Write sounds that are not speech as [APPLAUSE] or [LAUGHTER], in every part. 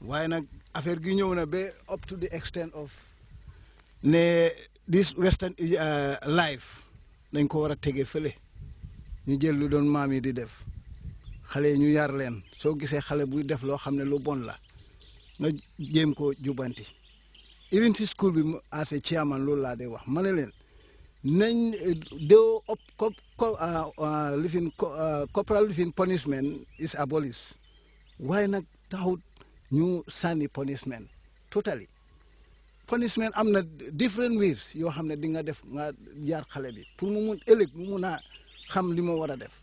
waaye nag affaire gi ñëw na ba up to the extent of ne this western uh, life dañ ko war a tege fële ñu jël lu doon maam yi di def xale yi ñu yar leen soo gisee xale buy def loo xam ne lu bon la nga jéem ko jubanti even si school bi as a chairman loolu laa day wax ma ne leen nañ deo op cop uh, uh, living corporal living punishment is abolished waaye nag taxut ñu sànni punishment totally punishment am na different ways yoo xam ne di nga def nga jaar xale bi pour mu mun ëllëg mu mun a xam li ma war a def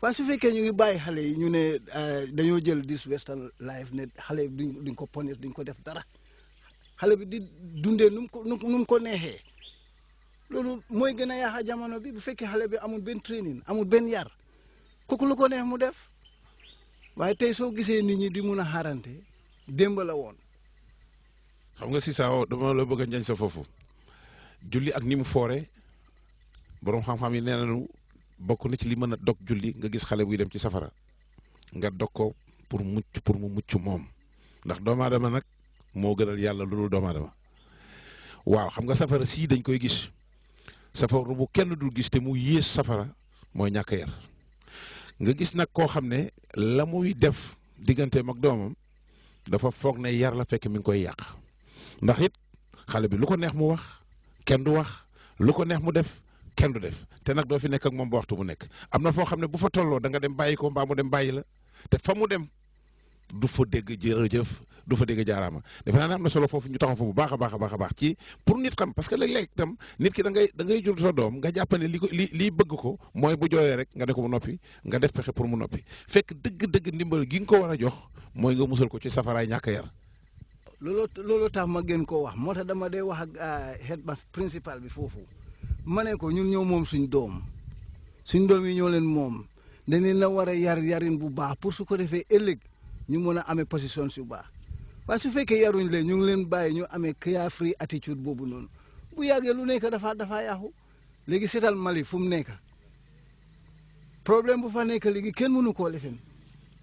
waaye su fekkee ñu ngi bàyyi xale yi ñu ne euh, dañoo jël this western life ne xale bi duñ ko punish duñ ko def dara xale bi di dundee nu mu ko nu mu ko neexee loolu mooy gën a yaaxa jamono bi bu fekkee xale bi amul benn training amul benn yar kooku ko neex mu def waaye tey soo gisee nit ñi di mun a xaarante démb la woon. xam nga si saa dama la bëgg a njañ sa foofu. julli ak ni mu foore borom xam-xam yi nee nañu bokk na ci li mën a dog julli nga gis xale buy dem ci safara nga dog ko pour mucc pour mu mucc moom ndax doomu aadama nag moo gënal yàlla lu dul doomu waaw xam nga safara sii dañ koy gis safara bu kenn dul gis te mu yées safara mooy ñàkk yar nga gis nag koo xam ne la muy def digganteem ak doomam dafa foog ne yar la fekk mi ngi koy yàq ndax it xale bi lu ko neex mu wax kenn du wax lu ko neex mu def kenn du def te nag doo fi nekk ak moom ba waxtu bu nekk am na foo xam ne bu fa tolloo da nga dem bàyyi ko mbaa mu dem bàyyi la te fa mu dem du fa dégg jërëjëf du fa dégg jaarama dafa na am na solo fofu ñu taxaw fofu baaxa baaxa baaxa baax ci pour nit xam parce que leg leg tam nit ki da ngay da ngay jur sa doom nga jàpp li li bëgg ko mooy bu jooyee rek nga ne ko mu noppi nga def pexe pour mu noppi fekk dëgg-dëgg ndimbal gi nga ko war a jox mooy nga musal ko ci safaraay ñàkk yar tax ma gën ko wax moo tax dama wax ak euh, headmaster principal bi foofu ma ne ko ñun ñoo moom suñ doom suñ doom yi ñoo leen moom dañ leen a war yar yarin bu baax pour su ko defee ëllëg ñu mën a amee position su baax waaye su fekkee yaruñ leen ñu ngi leen bàyyi ñu amee care free attitude boobu noonu bu yàggee lu nekk dafa dafa yàqu léegi seetal Mali fu mu nekk problème bu fa nekk léegi kenn mënu koo lefin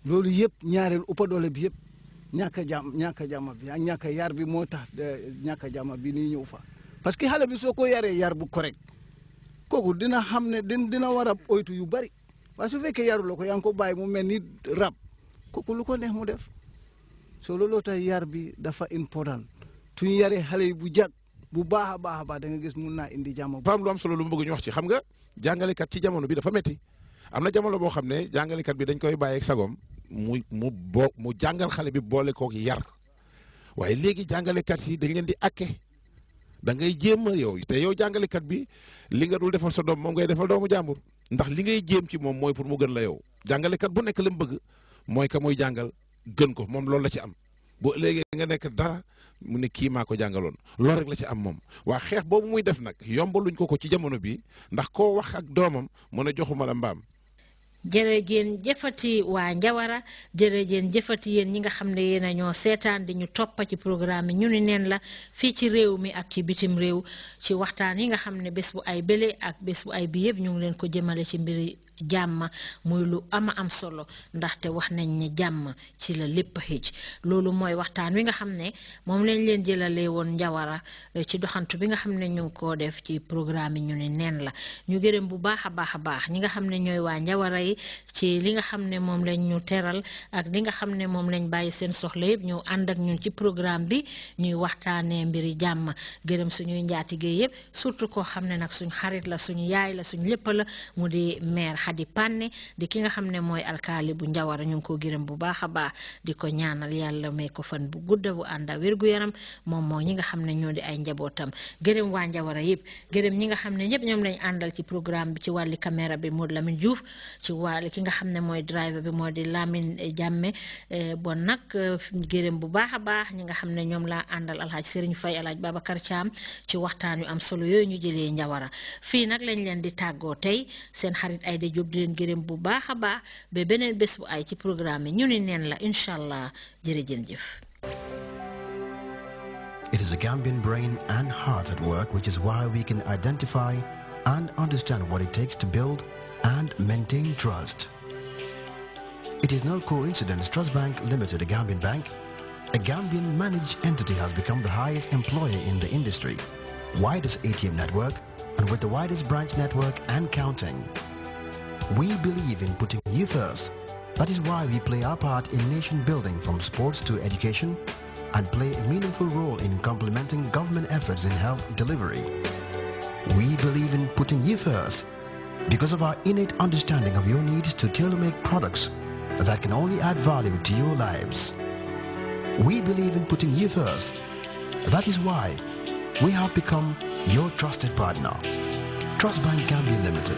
loolu yëpp ñaareel uppa doole bi yëpp ñàkk a ñàkk a jàmm bi ak ñàkk yar bi moo tax ñàkk a jàmm bi ni ñëw fa parce que xale bi soo ko yaree yar bu correct kooku dina xam ne din dina war a oytu yu bari waaye su fekkee yaruloo ko yaa ngi bàyyi mu mel ni rab kooku lu ko neex mu def so looloo tax yar bi dafa important suñu yaree xale yi bu jag bu baax a baax a baax da nga gis mun naa indi jàmm. dafa am lu am solo lu mu bëgg ñu wax ci xam nga jàngalekat ci jamono bi dafa metti am na jamono boo xam ne jàngalekat bi dañ koy bàyyeeg sagoom mu mu boo mu jàngal xale bi boole kook yar waaye léegi jàngalekat yi dañ leen di akke da ngay jéem a yow te yow jàngalekat bi li nga dul defal sa doom moom ngay defal doomu jàmbur ndax li ngay jéem ci moom mooy pour mu gën la yow jàngalekat bu nekk la mu bëgg mooy ka muy jàngal. gën ko moom loolu la ci am boo léegi nga nekk dara mu ne kii maa ko jàngaloon loolu rek la ci am moom waa xeex boobu muy def nag yombaluñ ko ko ci jamono bii ndax koo wax ak doomam mu ne joxuma la mbaam jërëjeen jëfati waa Njawara jërëjeen jëfati yéen ñi nga xam ne yéen a ñoo seetaan di ñu toppa ci programme bi ñu ni neen la fii ci réew mi ak ci bitim réew ci waxtaan yi nga xam ne bés bu ay bële ak bés bu ay bi yëpp ñu ngi leen ko jëmale ci mbiri jàmm muy lu ama am solo ndaxte wax nañ ne jàmm ci la lépp xëj loolu mooy waxtaan wi nga xam ne moom lañ leen jëlalee woon njawara eh, ci doxantu bi nga xam ne ñu koo def ci programme yi ñu ne neen la ñu gërëm bu baax a baax a baax ñi nga xam ne ñooy waa njawara yi ci li nga xam ne moom lañ ñu teral ak li nga xam ne moom lañ bàyyi seen soxla yëpp ñëw ànd ak ñun ci programme bi ñuy waxtaanee mbiri jàmm gërëm suñuy njaatige yëpp surtout koo xam ne nag suñ xarit la suñu yaay la suñu lépp la mu di meer xadi pànne di ki nga xam ne mooy alkaali bu njawara ñu ngi ko gërëm bu baax a baax di ko ñaanal yàlla may ko fan bu gudda bu ànda wér-gu-yaram moom moom ñi nga xam ne ñoo di ay njabootam gërëm waa njawara yëpp gërëm ñi nga xam ne ñëpp ñoom lañ àndal ci programme bi ci wàlli caméra bi Modou Lamine Diouf ci wàlli ki nga xam ne mooy driver bi moo di Lamine Jàmme eh, bon nag gërëm bu baax a baax ñi nga xam ne ñoom laa àndal alhaaj Serigne Faye alhaaj Babacar Thiam ci waxtaan yu am solo yooyu ñu jëlee njawara fii nag lañ leen di tàggoo tey seen xarit ay gërëm bu baax bés bu ay ci programme ñu ni neen la jëf It is a Gambian brain and heart at work which is why we can identify and understand what it takes to build and maintain trust. It is no coincidence Trust Bank Limited, a Gambian bank, a Gambian managed entity has become the highest employer in the industry, widest ATM network and with the widest branch network and counting. We believe in putting you first. That is why we play our part in nation building from sports to education and play a meaningful role in complementing government efforts in health delivery. We believe in putting you first because of our innate understanding of your needs to tailor-make products that can only add value to your lives. We believe in putting you first. That is why we have become your trusted partner. Trust Bank Gambia Limited.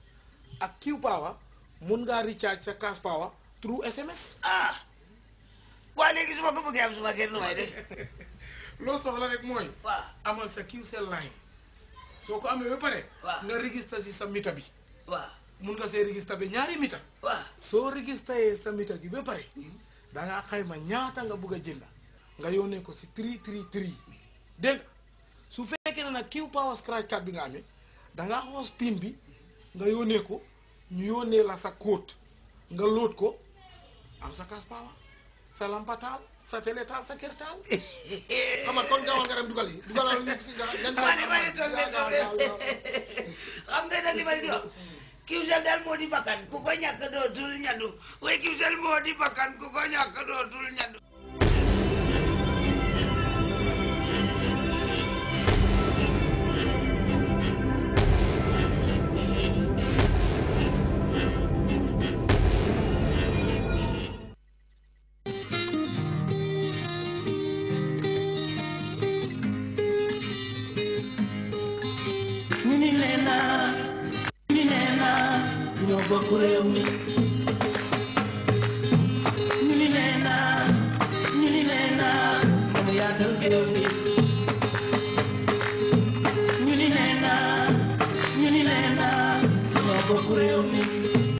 ak Q power mun ngaa recharge sa cash power through SMS. Ah! waa léegi su ma ko bëggee am su ma kenn lu may de. [LAUGHS] loo soxla rek mooy. waaw amal sa Qcell line. soo ko amee ba pare. waaw nga registré si sa mita bi. waaw mun nga see registré ba ñaari mita. waaw soo registré sa mita bi ba pare. da ngaa xayma ñaata nga bugg a jënd. nga yónnee ko si tri tri tri dégg nga su fekkee ne nag Q power scratch card bi nga amee da ngaa pin bi nga yónnee ko. ñu yónnee la sa kóot nga lóot ko am sa kaas paawa sa lampataal sa télé taal sa kër xam nga kon gaawal nga dem dugal yi dugalal nekk si gaaw. nga nag li ma di moo di bakkan ku ko ñàkk dootul ñandu waaye kiwsel moo di bakkan ku ko ñàkk dootul ñandu.